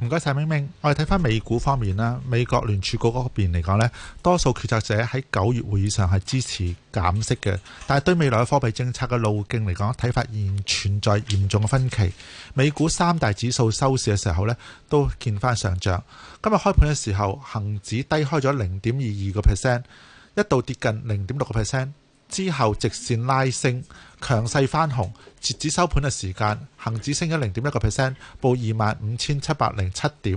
唔該晒，謝謝明明，我哋睇翻美股方面啦。美國聯儲局嗰邊嚟講，呢多數決策者喺九月會議上係支持減息嘅，但係對未來嘅貨幣政策嘅路徑嚟講，睇法仍然存在嚴重嘅分歧。美股三大指數收市嘅時候呢，都見翻上漲。今日開盤嘅時候，恒指低開咗零點二二個 percent，一度跌近零點六個 percent，之後直線拉升。強勢翻紅，截止收盤嘅時間，恒指升咗零點一個 percent，報二萬五千七百零七點；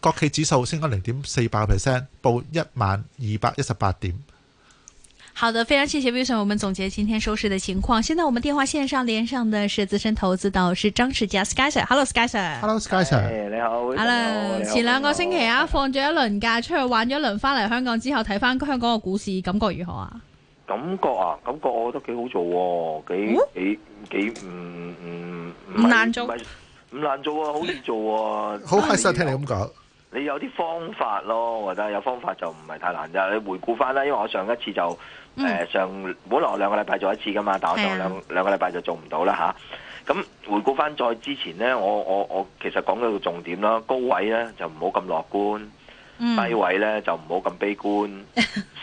國企指數升咗零點四百 percent，報一萬二百一十八點。好的，非常謝謝 Wilson 我們總結今天收市嘅情況。現在我們電話線上連上嘅是資深投資導師張士佳，Skysir，Hello，Skysir，Hello，Skysir，、hey, 你 Hello，你你前兩個星期啊，好放咗一輪假出去玩咗一輪，翻嚟香港之後睇翻香港嘅股市，感覺如何啊？感覺啊，感覺我覺得幾好做，幾幾幾唔唔唔難做，唔係唔難做啊，好易做啊。好開心聽你咁講。你有啲方法咯，或者有方法就唔係太難啫。你回顧翻啦，因為我上一次就誒上本來我兩個禮拜做一次噶嘛，但係我上兩兩個禮拜就做唔到啦吓。咁回顧翻再之前咧，我我我其實講到個重點啦，高位咧就唔好咁樂觀，低位咧就唔好咁悲觀。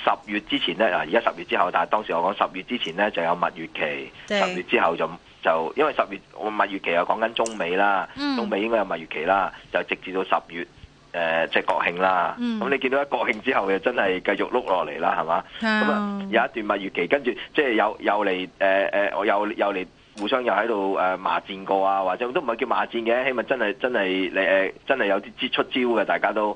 十月之前呢，啊，而家十月之後，但係當時我講十月之前呢，就有蜜月期，是十月之後就就因為十月我蜜月期又講緊中美啦，嗯、中美應該有蜜月期啦，就直至到十月，誒即係國慶啦。咁、嗯、你見到咧國慶之後又真係繼續碌落嚟啦，係嘛？咁啊是有一段蜜月期，跟住即係又又嚟誒誒，我又又嚟互相又喺度誒罵戰過啊，或者都唔係叫罵戰嘅，起碼真係真係誒真係有啲出招嘅大家都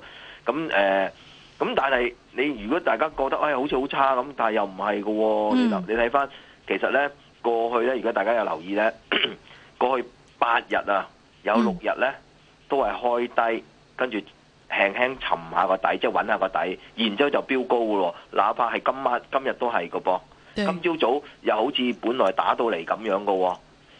咁誒。嗯呃咁但係你如果大家覺得，哎，好似好差咁，但係又唔係嘅喎。嗯、你睇你睇翻，其實呢，過去呢，如果大家有留意呢， 過去八日啊，有六日呢，嗯、都係開低，跟住輕輕沉下個底，即係揾下個底，然之後就飆高嘅咯、哦。哪怕係今晚今日都係嘅噃，對今朝早，早又好似本來打到嚟咁樣嘅、哦。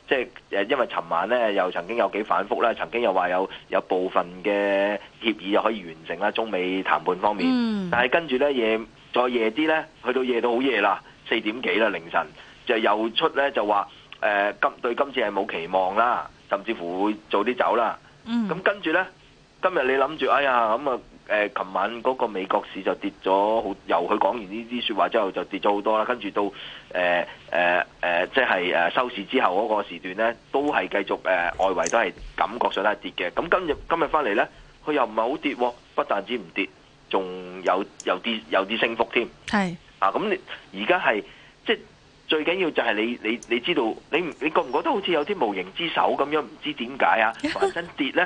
即係因為尋晚咧又曾經有幾反覆啦，曾經又話有有部分嘅協議又可以完成啦，中美談判方面。嗯、但係跟住咧夜再夜啲咧，去到夜到好夜啦，四點幾啦凌晨，就又出咧，就話誒今對今次係冇期望啦，甚至乎會早啲走啦。咁、嗯、跟住咧，今日你諗住哎呀咁啊～誒，琴晚嗰個美國市就跌咗，好由佢講完呢啲説話之後就跌咗好多啦。跟住到誒誒誒，即係誒收市之後嗰個時段咧，都係繼續誒、呃、外圍都係感覺上都係跌嘅。咁今日，今日翻嚟咧，佢又唔係好跌，不但止唔跌，仲有有啲有啲升幅添。係是啊，咁你而家係即係最緊要就係你你你知道你，你覺唔覺得好似有啲無形之手咁樣，唔知點解啊，反身跌咧？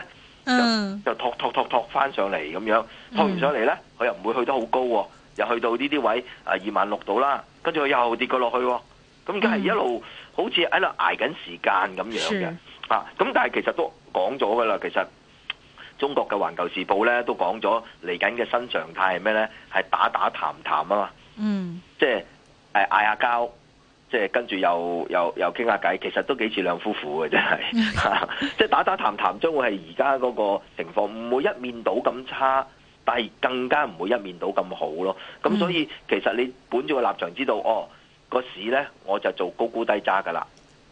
嗯，就托托托托翻上嚟，咁樣，托完上嚟咧，佢又唔會去得好高，啊，又去到呢啲位啊，二萬六度啦。跟住佢又跌過落去，啊，咁而家係一路好似喺度挨緊時間咁樣嘅是啊。咁但係其實都講咗噶啦，其實中國嘅環球時報咧都講咗嚟緊嘅新常態係咩？咧係打打談談啊嘛，嗯，即係誒嗌下交。呃即係跟住又又又傾下偈，其實都幾似兩夫婦嘅真係、 啊，即係打打談談將會係而家嗰個情況唔會一面倒咁差，但係更加唔會一面倒咁好咯。咁所以、嗯、其實你本住個立場知道，哦個市咧我就做高估低揸嘅啦，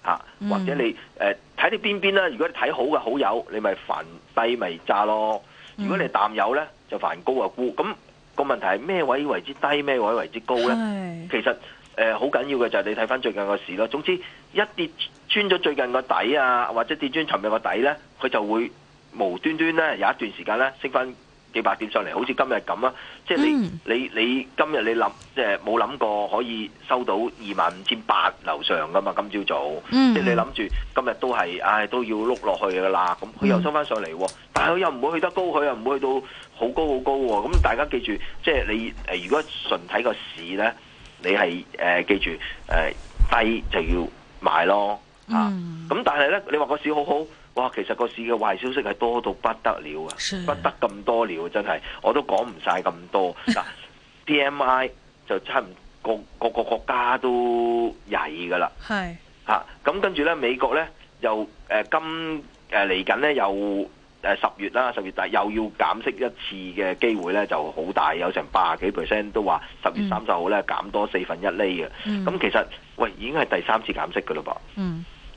嚇、啊、或者你誒睇、呃、你邊邊啦。如果你睇好嘅好友，你咪逢低咪揸咯；如果你係淡友咧，就逢高就沽。咁、那個問題係咩位為之低，咩位為之高咧？其實。誒，好緊、呃、要嘅就係你睇翻最近個市咯。總之一跌穿咗最近個底啊，或者跌穿尋日個底呢，佢就會無端端呢有一段時間呢升翻幾百點上嚟，好似今日咁啊。即係你、嗯、你、你、你今日你諗即係冇諗過可以收到二萬五千八樓上噶嘛？今朝早、嗯、即係你諗住今日都係，唉、哎、都要碌落去噶啦。咁佢又收翻上嚟、啊，嗯、但係佢又唔會去得高，佢又唔會去到好高好高、啊。咁大家記住，即係你如果純睇個市呢。你係誒、呃、記住誒、呃、低就要買咯，嗯、啊！咁但係咧，你話個市好好，哇！其實個市嘅壞消息係多到不得了啊，是不得咁多了，真係我都講唔晒咁多。嗱，P M I 就差唔多各，各個國家都曳噶啦，係嚇是。咁、啊、跟住咧，美國咧又誒今誒嚟緊咧又。呃誒，十月啦，十月但又要減息一次嘅機會咧，就好大，有成八十幾 percent 都話十月三十號咧減多四分一厘嘅。咁、嗯、其實喂，已經係第三次減息噶啦噃。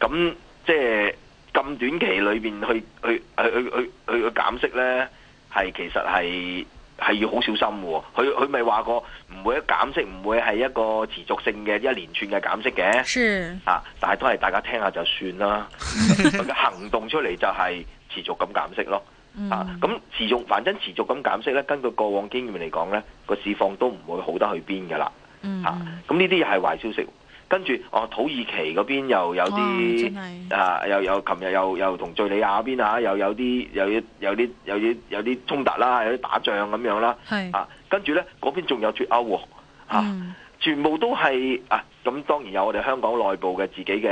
咁、嗯、即係咁短期裏邊去去去去去去、去、去減息咧，係其實係係要好小心嘅。佢佢咪話過唔會一減息，唔會係一個持續性嘅一連串嘅減息嘅。是啊，但係都係大家聽下就算啦。佢嘅行動出嚟就係。持續咁減息咯，啊，咁持續，反正持續咁減息咧，根據過往經驗嚟講咧，個市況都唔會好得去邊噶啦，嗯、啊，咁呢啲係壞消息。跟住，哦、啊，土耳其嗰邊又有啲、哦、啊、啊，又有，琴日又又同敘利亞邊吓，又有啲，有啲有啲，又有有啲衝突啦，有啲打仗咁樣啦，係啊，跟住咧，嗰邊仲有脫歐喎，吓、啊。嗯全部都係啊！咁當然有我哋香港內部嘅自己嘅、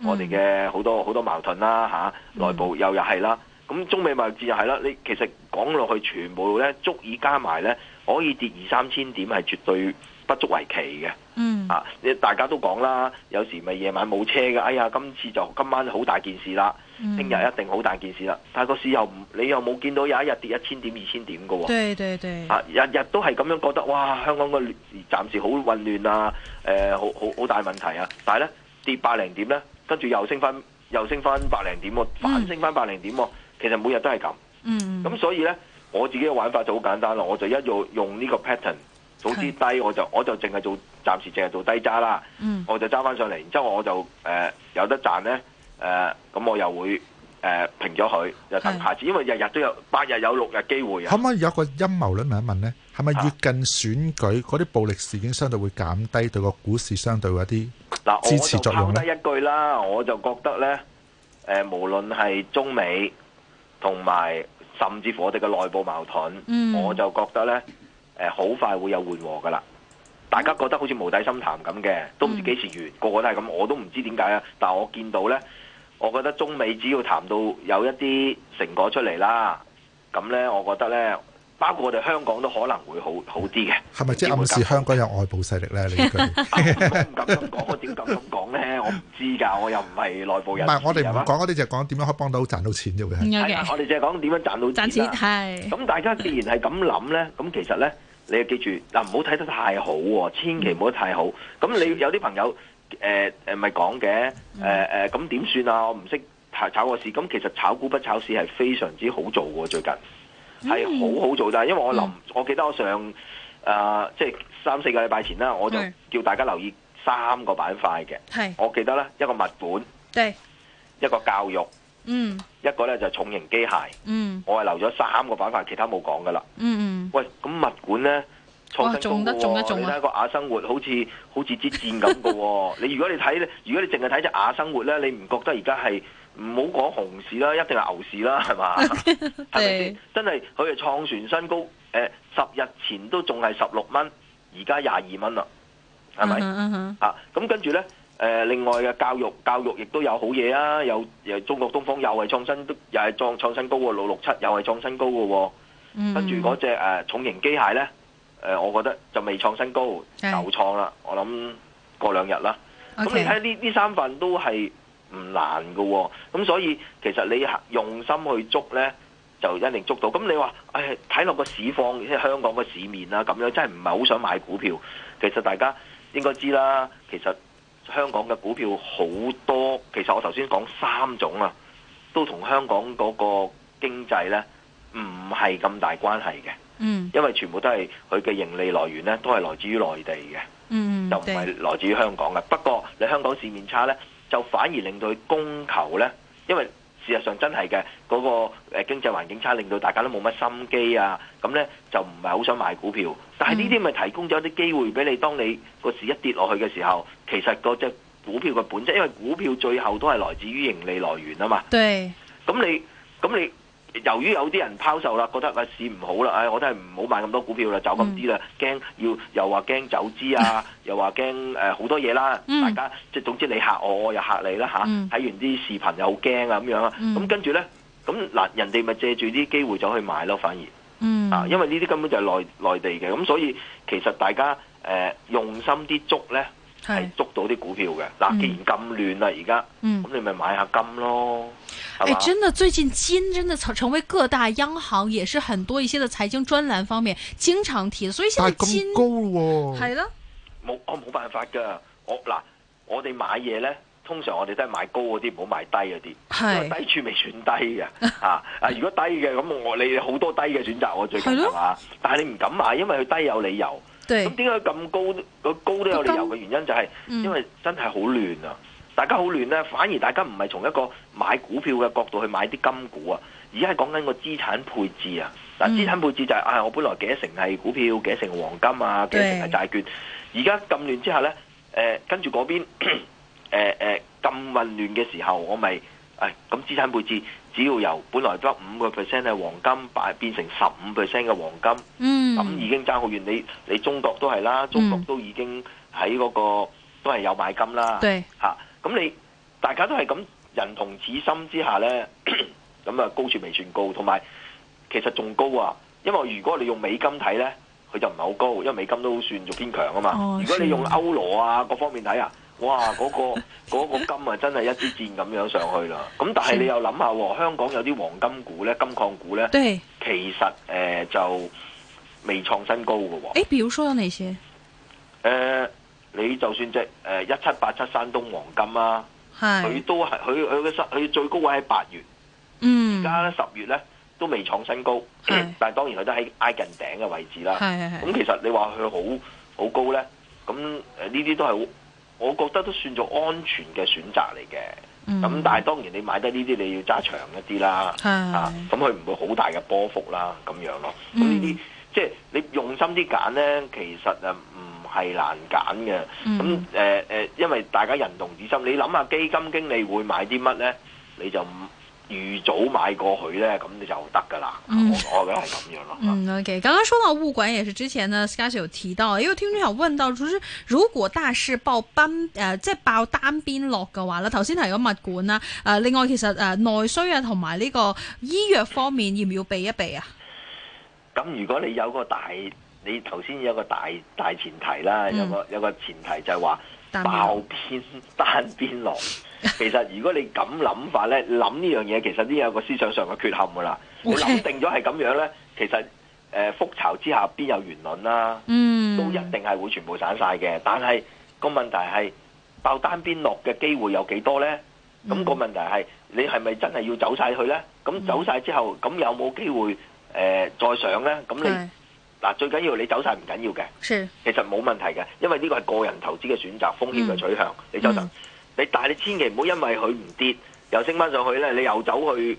嗯、我哋嘅好多好多矛盾啦嚇、啊，內部又又係啦。咁、嗯、中美貿易戰又係啦。你其實講落去，全部咧足以加埋咧，可以跌二三千點係絕對不足為奇嘅。嗯啊，你大家都講啦，有時咪夜晚冇車嘅。哎呀，今次就今晚好大件事啦。聽日、嗯、一定好大件事啦，但係個市又唔，你又冇見到有一日跌一千點、二千點嘅喎。對對對，啊日日都係咁樣覺得，哇香港嘅亂，暫時好混亂啊，誒、呃、好好好大問題啊！但係咧跌百零點咧，跟住又升翻，又升翻百零點、哦，嗯、反升翻百零點、哦，其實每日都係咁。嗯，咁所以咧，我自己嘅玩法就好簡單咯，我就一用用呢個 pattern，做啲低是我，我就我就淨係做，暫時淨係做低揸啦。嗯、我就揸翻上嚟，然之後我就誒、呃、有得賺咧。誒，咁、呃、我又會誒、呃、平咗佢，又等下次，是因為日日都有八日有六日機會啊！可唔可以有一個陰謀論問一問呢？係咪越近選舉嗰啲暴力事件相對會減低對個股市相對嗰啲嗱支持作用呢？我就拋低一句啦，我就覺得呢，誒、呃、無論係中美同埋甚至乎我哋嘅內部矛盾，嗯、我就覺得呢，誒、呃、好快會有緩和㗎喇！大家覺得好似無底深潭咁嘅，都唔知幾時完，嗯、個個都係咁，我都唔知點解啊！但係我見到呢。我覺得中美只要談到有一啲成果出嚟啦，咁咧，我覺得咧，包括我哋香港都可能會好好啲嘅。係咪即暗示香港有外部勢力咧？呢 句我唔敢咁講，我點敢咁講咧？我唔知㗎，我又唔係內部人。唔係我哋唔講嗰啲，就係講點樣可以幫到賺到錢啫 Okay.、啊。我哋就係講點樣賺到錢、啊。賺錢。咁大家既然係咁諗咧，咁其實咧，你要記住嗱，唔好睇得太好喎，千祈唔好太好。咁你有啲朋友。誒誒，咪講嘅，誒誒，咁點算啊？我唔識炒炒個市，咁其實炒股不炒市係非常之好做嘅，最近係好好做，但係因為我諗，我記得我上誒即係三四個禮拜前啦，我就叫大家留意三個板塊嘅。係，我記得咧，一個物管，對，一個教育，嗯，一個咧就重型機械，嗯，我係留咗三個板塊，其他冇講噶啦，嗯嗯，喂，咁物管咧？創新高、哦，得得你睇個雅生活好似 好似支箭咁噶。你如果你睇咧，如果你淨係睇隻雅生活咧，你唔覺得而家係唔好講熊市啦，一定係牛市啦，係嘛？係咪先？真係佢係創全新高。誒、呃，十日前都仲係十六蚊，而家廿二蚊啦，係咪？Mm hmm, mm hmm. 啊，咁跟住咧，誒、呃，另外嘅教育，教育亦都有好嘢啊，有中國東方又係創新，都又係創創新高喎，六六七又係創新高噶、哦。66, 高哦 mm hmm. 跟住嗰隻誒重型機械咧。誒，我覺得就未創新高，就的創啦。我諗過兩日啦。咁 Okay. 你睇呢呢三份都係唔難㗎喎、哦。咁所以其實你用心去捉呢，就一定捉到。咁你話誒，睇落個市況，即係香港個市面啦、啊，咁樣真係唔係好想買股票。其實大家應該知啦，其實香港嘅股票好多。其實我頭先講三種啊，都同香港嗰個經濟呢唔係咁大關係嘅。嗯，因為全部都係佢嘅盈利來源咧，都係來自於內地嘅，嗯嗯，又唔係來自於香港嘅。對 不過你香港市面差咧，就反而令到佢供求咧，因為事實上真係嘅嗰個誒經濟環境差，令到大家都冇乜心機啊，咁咧就唔係好想買股票。但係呢啲咪提供咗啲機會俾你，當你個市一跌落去嘅時候，其實嗰隻股票嘅本質，因為股票最後都係來自於盈利來源啊嘛。對。咁你，咁你。由於有啲人拋售啦，覺得個市唔好啦，唉、哎，我都係唔好買咁多股票啦，走咁啲啦，驚、嗯、要又話驚走資啊，又話驚誒好多嘢啦，嗯、大家即係總之你嚇我，我又嚇你啦嚇，睇、啊、完啲視頻又好驚啊咁樣啊，咁、嗯嗯嗯、跟住咧，咁嗱人哋咪借住啲機會走去買咯，反而啊，因為呢啲根本就係內內地嘅，咁所以其實大家誒、呃、用心啲捉咧。係捉到啲股票嘅嗱，既然咁亂啦，而家咁你咪買下金咯。誒、嗯吧欸，真係最近金真係成成為各大央行，也是很多一些嘅財經專欄方面經常提，所以現在金咁高喎、啊，係咯啦，冇我冇辦法噶。我嗱，我哋買嘢咧，通常我哋都係買高嗰啲，唔好買低嗰啲，是因為低處未算低嘅啊。 啊，如果低嘅咁我你好多低嘅選擇，我最近係嘛，的吧但係你唔敢買，因為佢低有理由。咁點解咁高個高都有理由嘅原因就係因為真係好亂啊！嗯、大家好亂咧、啊，反而大家唔係從一個買股票嘅角度去買啲金股啊，而家係講緊個資產配置啊。嗱、嗯，資產配置就係、是、啊、哎，我本來幾多成係股票，幾多成黃金啊，嗯、幾多成係債券。而家咁亂之下咧，誒、呃、跟住嗰邊誒咁、呃、混亂嘅時候，我咪誒咁資產配置，只要由本來得五個 percent 係黃金，變變成十五 percent 嘅黃金。嗯咁、嗯、已經爭好遠，你你中國都係啦，嗯、中國都已經喺嗰、那個都係有買金啦。嚇對，咁、啊、你大家都係咁人同此心之下呢，咁啊 高處未算高，同埋其實仲高啊。因為如果你用美金睇呢，佢就唔係好高，因為美金都算做堅強啊嘛。哦、如果你用歐羅啊各方面睇啊，哇嗰、那個、 個金啊真係一支箭咁樣上去啦。咁但係你又諗下、啊，香港有啲黃金股呢，金礦股呢，對其實誒、呃、就～、呃就呃呃未創新高嘅喎、哦，誒、欸，比如說有哪些？誒、呃，你就算隻誒、呃、一七八七，山東黃金啦、啊，佢是都係佢佢嘅佢最高位喺八月，嗯，而家咧十月咧都未創新高，是但係當然佢都喺挨近頂嘅位置啦，咁、嗯、其實你話佢好好高咧，咁誒、呢啲都係，我覺得都算做安全嘅選擇嚟嘅，咁、嗯、但係當然你買得呢啲你要揸長一啲啦，係咁佢唔會好大嘅波幅啦，咁樣咯，咁呢啲。即係你用心啲揀咧，其實誒唔係難揀嘅。咁誒誒，因為大家人同志心，你諗下基金經理會買啲乜咧，你就預早買過佢咧，咁你就、嗯、得噶啦。我覺得係咁樣咯。嗯，OK。剛剛收到物管，也是之前呢 Skysir 提到，因為聽有聽眾問到，其實如果大市爆、呃、爆單誒，即係爆單邊落嘅話咧，頭先提咗物管啦。誒，另外其實誒內、呃、需啊，同埋呢個醫藥方面，要唔要避一避啊？咁如果你有個大，你頭先有個大大前提啦，嗯、有個有個前提就係話邊爆邊單邊落， 其實如果你咁諗法咧，諗呢樣嘢其實都有個思想上嘅缺陷噶啦。Okay. 你諗定咗係咁樣咧，其實誒、呃、覆巢之下言論、啊，邊有完卵啦？嗯，都一定係會全部散晒嘅。但係、那個問題係爆單邊落嘅機會有幾多咧？咁、嗯、個問題係你係咪真係要走晒去咧？咁走晒之後，咁有冇機會？誒，再上咧，咁你嗱最緊要你走晒唔緊要嘅，其實冇問題嘅，因為呢個係個人投資嘅選擇，風險嘅取向，你走上你但係你千祈唔好因為佢唔跌，又升翻上去咧，你又走去，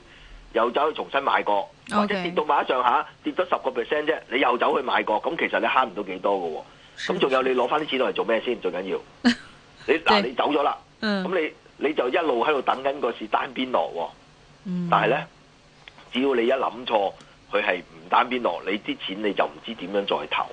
又走去重新買過，或者跌到馬上下，跌咗十個 percent 啫，你又走去買過，咁其實你慳唔到幾多嘅，咁仲有你攞翻啲錢落嚟做咩先？最緊要，你嗱你走咗啦，咁你你就一路喺度等緊個市單邊落，但係咧，只要你一諗錯。佢係唔單邊落，你啲錢你就唔知點樣再投，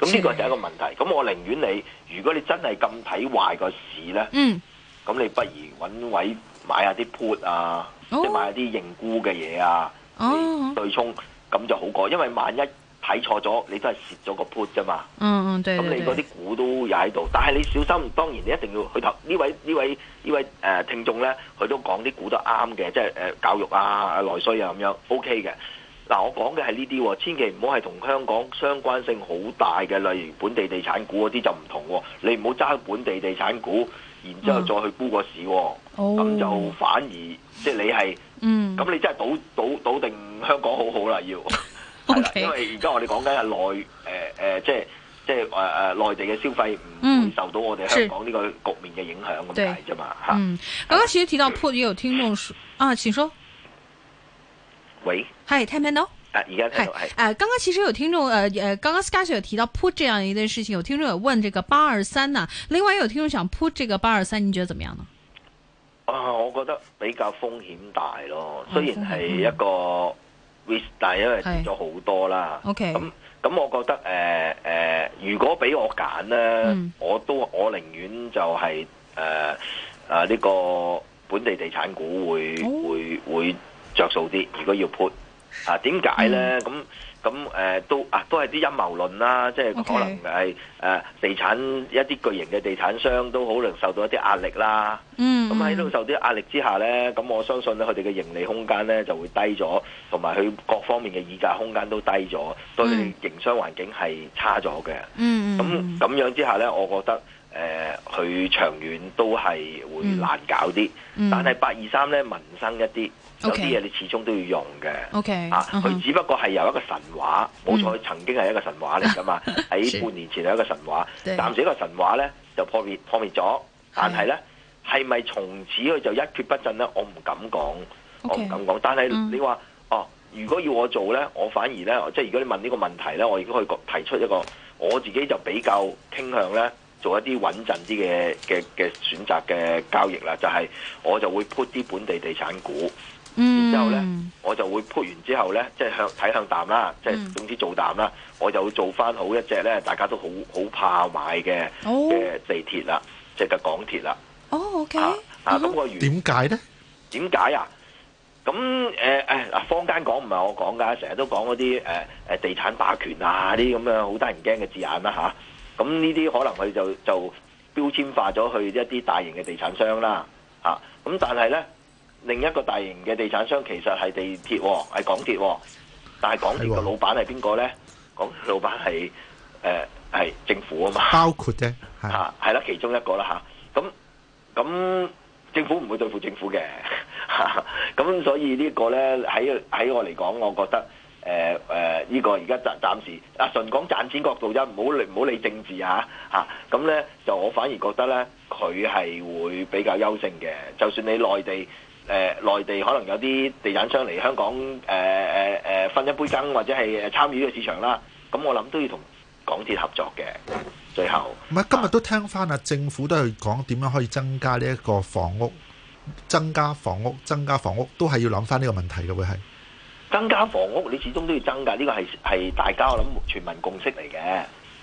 咁呢個就係一個問題。咁我寧願你，如果你真係咁睇壞個市咧，咁、嗯、你不如揾位買下啲 put 啊，即係、哦、買下啲認沽嘅嘢啊，嚟對沖，咁、哦、就好過。因為萬一睇錯咗，你都係蝕咗個 put 啫嘛、嗯。嗯嗯，咁你嗰啲股，股都又喺度，但係你小心，當然你一定要去投位位位、呃、呢位呢位呢位誒聽眾咧，佢都講啲股都啱嘅，即係誒教育啊、內需啊咁樣 OK 嘅。嗱，我講嘅係呢啲，千祈唔好係同香港相關性好大嘅，例如本地地產股嗰啲就唔同、哦。你唔好揸本地地產股，然之後再去沽個市、哦，咁、嗯、就反而即係你係，咁、嗯、你真係賭，賭，賭定香港好好啦，要、嗯、 因為而家我哋講緊係內誒誒、呃呃，即係即係誒誒內地嘅消費唔會受到我哋香港呢個局面嘅影響咁大啫嘛。對嗯，剛剛其實提到破，有聽眾啊，請說。喂係，聽唔聽到啊，而家聽到，係。啊，剛、呃、剛其實有聽眾，誒、呃、誒，剛剛 Sky 有提到 put 這樣一件事情，有聽眾有問這個八二三啊？另外有聽眾想 put 這個八二三，你覺得怎麼樣呢？啊，我覺得比較風險大咯。哦嗯、雖然係一個 risk，但係因為跌咗好多啦。OK、嗯。咁咁、嗯，我覺得誒誒，如果俾我揀咧，我都我寧願就係誒誒呢個本地地產股會會會。着數啲，如果要潑啊，點解呢？咁咁誒都啊，都係啲陰謀論啦，即係可能係誒 Okay.、啊、地產一啲巨型嘅地產商都可能受到一啲壓力啦。嗯，嗯，咁喺度受啲壓力之下呢，咁我相信咧佢哋嘅盈利空間呢就會低咗，同埋佢各方面嘅議價空間都低咗，所以佢哋營商環境係差咗嘅。嗯咁、嗯、咁、嗯、樣之下呢，我覺得誒佢、呃、長遠都係會難搞啲，嗯嗯但係八二三呢，民生一啲。有啲嘢你始終都要用嘅，嚇佢、okay, uh huh. 啊、只不過係由一個神話，冇、mm. 錯，佢曾經係一個神話嚟噶嘛。喺 半年前係一個神話，暫時 一個神話咧就破滅破滅咗。但係咧係咪從此佢就一蹶不振咧？我唔敢講，Okay. 我唔敢講。但係你話哦、mm. 啊，如果要我做咧，我反而咧，即係如果你問呢個問題咧，我已經可以提出一個我自己就比較傾向咧做一啲穩陣啲嘅嘅嘅選擇嘅交易啦，就係、是、我就會 put 啲本地地地產股。然、嗯、之後咧，我就會潑完之後咧，即係向睇向淡啦，即係總之做淡啦，嗯、我就會做翻好一隻咧，大家都好好怕買嘅嘅、哦、地鐵啦，即係嘅港鐵啦。哦，OK，、uh huh. 啊，咁我點解咧？點解啊？咁誒誒嗱，坊間講唔係我講㗎，成日都講嗰啲誒誒地產霸權啊啲咁樣好得人驚嘅字眼啦、啊、嚇。咁呢啲可能佢就就，就標籤化咗去一啲大型嘅地產商啦。嚇、啊，咁、啊、但係咧。另一個大型嘅地產商其實係地鐵、喎，係港鐵、喎，但係港鐵個老闆係邊個呢？港鐵老闆係、呃、政府啊嘛。包括啫，係啦、啊，其中一個啦吓，咁、啊、咁、啊啊、政府唔會對付政府嘅，咁、啊啊、所以呢個呢，喺喺我嚟講，我覺得誒誒呢個而家暫暫時啊，純講賺錢角度啫，唔好理政治嚇、啊、嚇。咁、啊、呢、啊啊啊，就我反而覺得呢，佢係會比較優勝嘅，就算你內地。誒、呃，內地可能有啲地產商嚟香港，誒誒誒，分一杯羹，或者係參與呢個市場啦。咁、嗯、我諗都要同港鐵合作嘅。最後，唔係今日都聽翻啊，政府都係講點樣可以增加呢一個房屋，增加房屋，增加房屋，都係要諗翻呢個問題嘅，會係增加房屋，你始終都要增加呢、呢個係係大家我諗全民共識嚟嘅。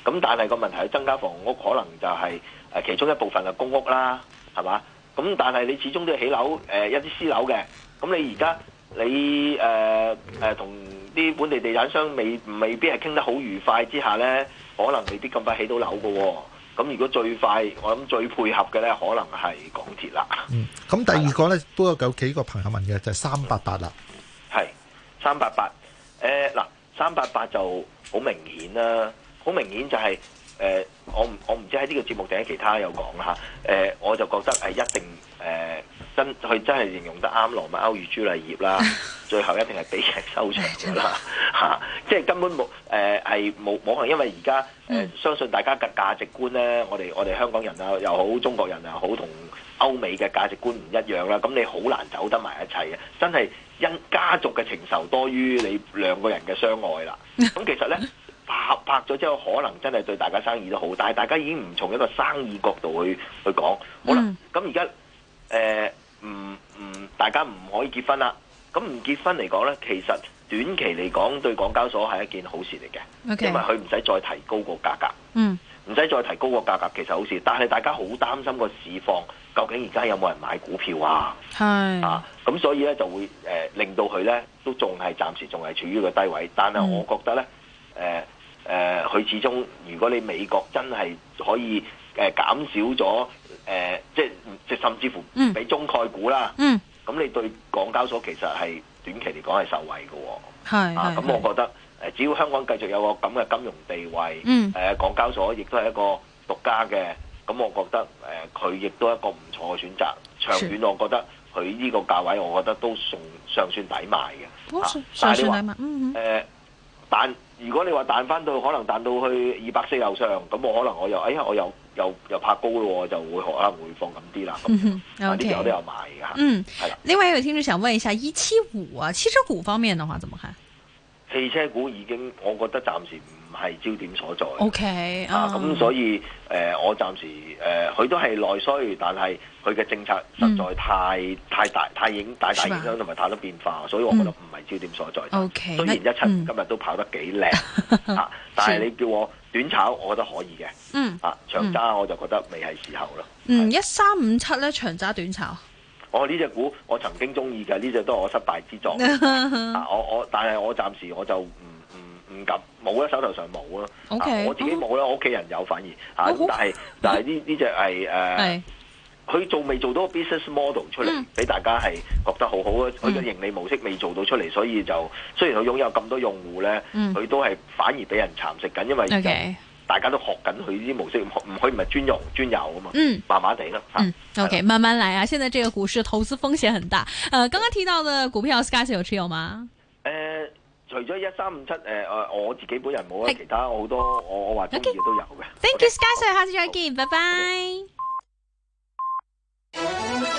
咁、嗯、但係個問題係，增加房屋可能就係、是、誒、呃、其中一部分嘅公屋啦，係嘛？咁但係你始終都係起樓，誒、呃、一啲私樓嘅。咁你而家你誒誒同啲本地地產商未未必係傾得好愉快之下咧，可能未必咁快起到樓嘅。咁如果最快，我諗最配合嘅咧，可能係港鐵啦、嗯。嗯，咁、嗯、第二個咧都有幾個朋友問嘅就係三八八啦，係三八八。誒嗱，三八八就好明顯啦、啊，好明顯就係、是。誒、呃，我唔我唔知喺呢個節目定喺其他有講啦嚇。我就覺得係一定誒、呃、真，佢真係形容得啱羅密歐與朱麗葉啦。最後一定係俾人收場㗎啦嚇，即係根本冇誒係冇冇可能，因為而家誒相信大家嘅價值觀咧，我哋我哋香港人啊又好，中國人又好，同歐美嘅價值觀唔一樣啦。咁你好難走得埋一齊嘅，真係因家族嘅情仇多於你兩個人嘅相愛啦。咁其實咧。 拍拍咗之後，可能真係對大家生意都好，但係大家已經唔從一個生意角度去去講，好啦。咁而家誒唔唔，大家唔可以結婚啦。咁唔結婚嚟講咧，其實短期嚟講對港交所係一件好事嚟嘅，Okay. 因為佢唔使再提高個價格。嗯，唔使再提高個價格，其實好事。但係大家好擔心個市況，究竟而家有冇人買股票啊？係是啊，咁所以咧就會誒、呃、令到佢咧都仲係暫時仲係處於個低位，但係我覺得咧誒。嗯呃呃誒，佢、嗯、始終，如果你美國真係可以誒減少咗誒、呃，即係即係甚至乎俾中概股啦，咁、嗯嗯、你對港交所其實係短期嚟講係受惠嘅、呃。係是 啊，咁是我覺得誒，只要香港繼續有個咁嘅金融地位，誒、嗯呃、港交所亦都係一個獨家嘅，咁我覺得誒佢亦都係一個唔錯嘅選擇。長遠我覺得佢呢是個價位，我覺得都算尚算抵買嘅、哦啊呃。但。嗯但但如果你話彈翻到可能彈到去二百四樓上，咁我可能我又哎呀，我又又又拍高咯，我就會可能會放咁啲啦，啲友都有買噶。嗯，係啦的。另外一位聽眾想問一下，一七五啊，汽車股方面嘅話，怎麼看？汽車股已經，我覺得暫時唔。係焦點所在。O Okay , K、uh, 啊，咁所以誒、呃，我暫時誒，佢、呃、都係內需，但係佢嘅政策實在太、嗯、太大、太影、太大影響，同埋吧太多變化，所以我覺得唔係焦點所在。O K，雖然一七今日都跑得幾靚嚇，但係你叫我短炒，我覺得可以嘅。嗯，啊長揸我就覺得未係時候咯。嗯，一三五七咧，長揸短炒，我呢、哦、隻股我曾經中意嘅。呢隻都係我失敗之作。 啊、我我但係我暫時我就唔唔唔敢冇啊，手頭上冇 Okay, 啊。我自己冇啦，okay. 我屋企人有反而。咁、啊、但係 Okay. 但係呢呢隻係誒，佢、呃、 做未做到個 business model 出嚟，俾 大家係覺得好好啊。佢嘅盈利模式未做到出嚟，所以就雖然佢擁有咁多用戶咧，佢都係反而俾人蠶食緊，因為。 大家都學緊佢呢啲模式，唔唔可以唔係專用專有㗎嘛？嗯，麻麻地咯。嗯，OK，慢慢嚟啊！現在這個股市投資風險很大。誒、呃，剛剛提到嘅股票，SkySir 有持有嗎？誒、呃，除咗一三五七，誒誒，我自己本人冇啊。Like, 其他，好多我我話中意都有嘅。Okay. okay, thank you，SkySir，下次再見，拜拜。